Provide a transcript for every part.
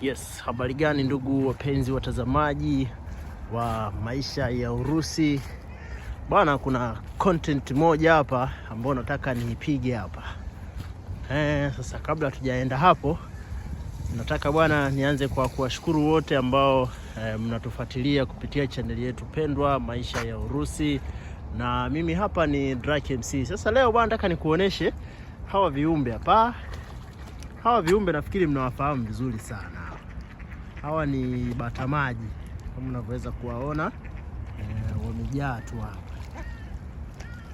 Yes, habari gani ndugu wapenzi watazamaji wa maisha ya Urusi bwana, kuna content moja hapa ambayo nataka niipige hapa eh. Sasa kabla hatujaenda hapo, nataka bwana nianze kwa kuwashukuru wote ambao eh, mnatufuatilia kupitia chaneli yetu pendwa maisha ya Urusi, na mimi hapa ni Drake MC. Sasa leo bwana, nataka nikuoneshe hawa viumbe hapa. Hawa viumbe nafikiri mnawafahamu vizuri sana Hawa ni bata maji kama unavyoweza kuwaona e, wamejaa tu hapa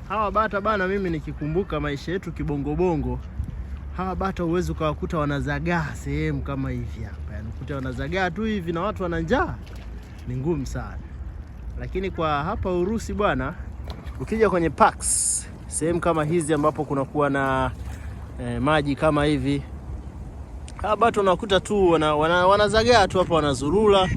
hawa bata bana. Mimi nikikumbuka maisha yetu kibongobongo, hawa bata huwezi ukawakuta wanazagaa sehemu kama hivi hapa, yani ukuta wanazagaa tu hivi na watu wana njaa, ni ngumu sana. Lakini kwa hapa Urusi bwana, ukija kwenye parks sehemu kama hizi ambapo kunakuwa na e, maji kama hivi Hawa bata unakuta tu wanazagaa wana, wana tu hapa wanazurula,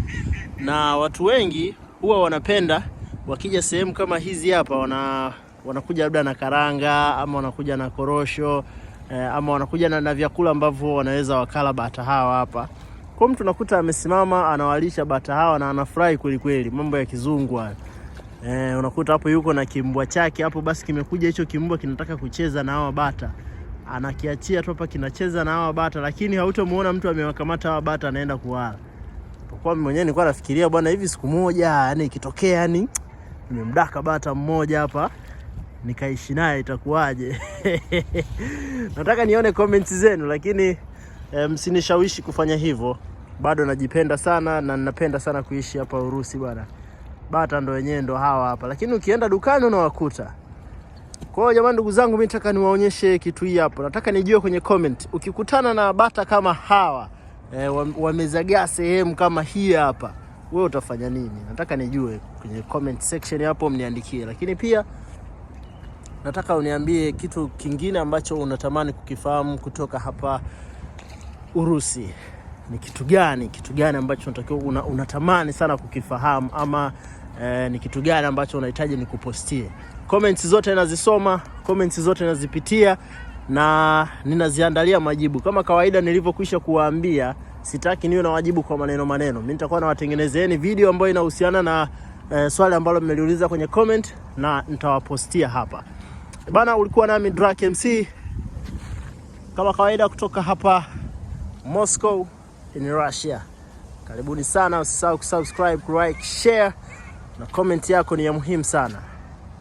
na watu wengi huwa wanapenda wakija sehemu kama hizi hapa wana wanakuja labda na karanga ama wanakuja na korosho eh, ama wanakuja na, na vyakula ambavyo wanaweza wakala bata hawa hapa. Kwa mtu nakuta amesimama anawalisha bata hawa na anafurahi kweli kweli, mambo ya kizungu haya. Eh, unakuta hapo yuko na kimbwa chake hapo, basi kimekuja hicho kimbwa kinataka kucheza na hawa bata anakiachia tu hapa kinacheza na hawa bata, lakini hautomuona mtu amewakamata hawa bata anaenda kuwala. Kwa mimi mwenyewe nilikuwa nafikiria bwana, hivi siku moja yani ikitokea yani nimemdaka bata mmoja hapa nikaishi naye itakuwaje? Nataka nione comments zenu, lakini e, msinishawishi kufanya hivyo. Bado najipenda sana na ninapenda sana kuishi hapa Urusi bwana. Bata ndo wenyewe ndo hawa hapa, lakini ukienda dukani unawakuta. Kwa hiyo jamani, ndugu zangu, mimi nataka niwaonyeshe kitu hii hapo. Nataka nijue kwenye comment, ukikutana na bata kama hawa e, wamezagaa sehemu kama hii hapa, wewe utafanya nini? Nataka nijue kwenye comment section hapo, mniandikie. Lakini pia nataka uniambie kitu kingine ambacho unatamani kukifahamu kutoka hapa Urusi. Ni kitu gani, kitu gani ambacho unatakiwa una, unatamani sana kukifahamu ama eh, ni kitu gani ambacho unahitaji nikupostie. Comments zote nazisoma, comments zote nazipitia na ninaziandalia majibu kama kawaida nilivyokwisha kuwaambia. Sitaki niwe na wajibu kwa maneno maneno, mimi nitakuwa nawatengenezeeni video ambayo inahusiana na eh, swali ambalo mmeliuliza kwenye comment na nitawapostia hapa bana. Ulikuwa nami Drack MC kama kawaida kutoka hapa Moscow in Russia. Karibuni sana, usisahau kusubscribe, like, share na comment yako ni ya muhimu sana.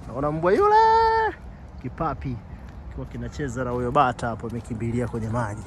Naona mbwa yule kipapi kiwa kinacheza na huyo bata hapo, amekimbilia kwenye maji.